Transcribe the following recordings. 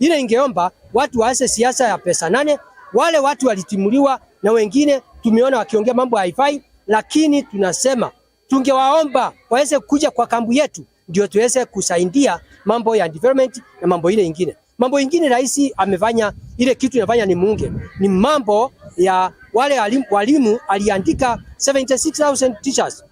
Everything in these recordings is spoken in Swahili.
ile ingeomba watu waase siasa ya pesa nane. Wale watu walitimuliwa na wengine tumeona wakiongea mambo haifai, lakini tunasema tungewaomba waweze kuja kwa kambu yetu, ndio tuweze kusaidia mambo ya development na mambo ile ingine. Mambo ingine rais amefanya ile kitu inafanya ni muunge ni mambo ya wale walimu, walimu aliandika 76000 teachers,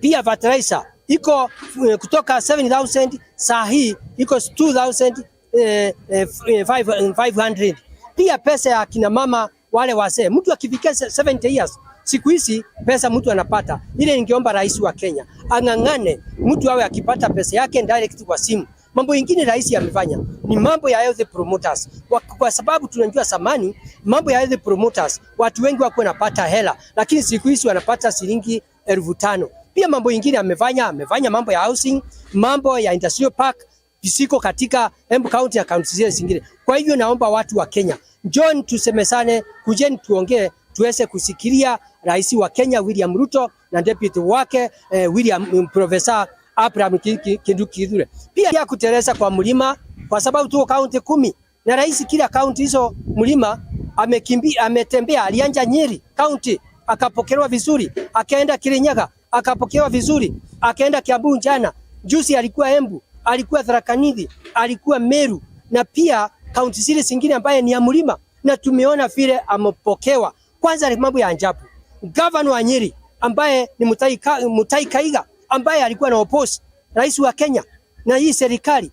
pia fertilizer iko eh, kutoka 7000 saa hii iko 2000 eh, eh, 500. Eh, eh, Pia pesa ya kina mama wale wazee, mtu akifikia 70 years siku hizi pesa mtu anapata ile. Ningeomba rais wa Kenya ang'ang'ane mtu awe akipata pesa yake direct kwa simu. Mambo mengine rais amefanya ni mambo ya health promoters, kwa kwa sababu tunajua samani mambo ya health promoters, watu wengi wako wanapata hela, lakini siku hizi wanapata shilingi elfu tano. Pia mambo mengine amefanya amefanya mambo ya housing, mambo ya industrial park kisiko katika Embu County na kaunti zile zingine. Kwa hivyo naomba watu wa Kenya, njoni tusemesane, kujeni tuongee, tuweze kusikilia rais wa Kenya William Ruto na deputy wake eh, William um, Professor Abraham Kinduki Kithure, pia kuteleza kwa mlima, kwa sababu tuko kaunti kumi na rais kila kaunti hizo mlima amekimbia, ametembea. Alianja Nyeri kaunti akapokelewa vizuri, akaenda Kirinyaga akapokelewa vizuri, akaenda Kiambu jana, juzi alikuwa Embu alikuwa Tharakanithi, alikuwa Meru na pia kaunti zile zingine ambaye ni ya mlima, na tumeona vile amepokewa. Kwanza ni mambo ya ajabu. Gavana wa Nyeri ambaye ni Mutahi, Mutahi Kahiga ambaye alikuwa na oposi rais wa Kenya na hii serikali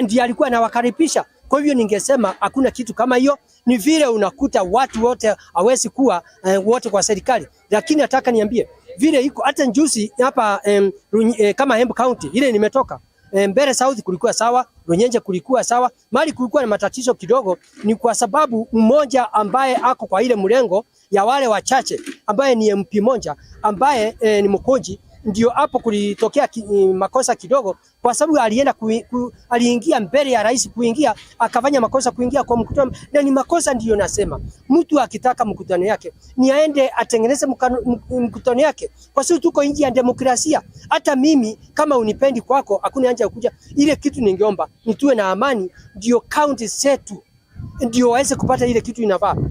ndiye alikuwa anawakaribisha. Kwa hivyo ningesema hakuna kitu kama hiyo, ni vile unakuta watu wote hawezi kuwa eh, wote kwa serikali, lakini nataka niambie vile iko hata njusi hapa eh, eh, kama Embu County ile nimetoka Eh, mbele South kulikuwa sawa, Runyenje kulikuwa sawa, mali kulikuwa na matatizo kidogo, ni kwa sababu mmoja ambaye ako kwa ile mlengo ya wale wachache ambaye ni MP moja ambaye e, ni Mkoji ndio hapo kulitokea ki, eh, makosa kidogo, kwa sababu alienda ku, ku, aliingia mbele ya rais kuingia akafanya makosa kuingia kwa mkutano, na ni makosa ndiyo nasema, mtu akitaka mkutano yake ni aende atengeneze mkutano yake, kwa sababu tuko nje ya demokrasia. Hata mimi kama unipendi kwako, hakuna haja ya kuja. Ile kitu ningeomba nituwe na amani, ndio county zetu ndio waweze kupata ile kitu inafaa.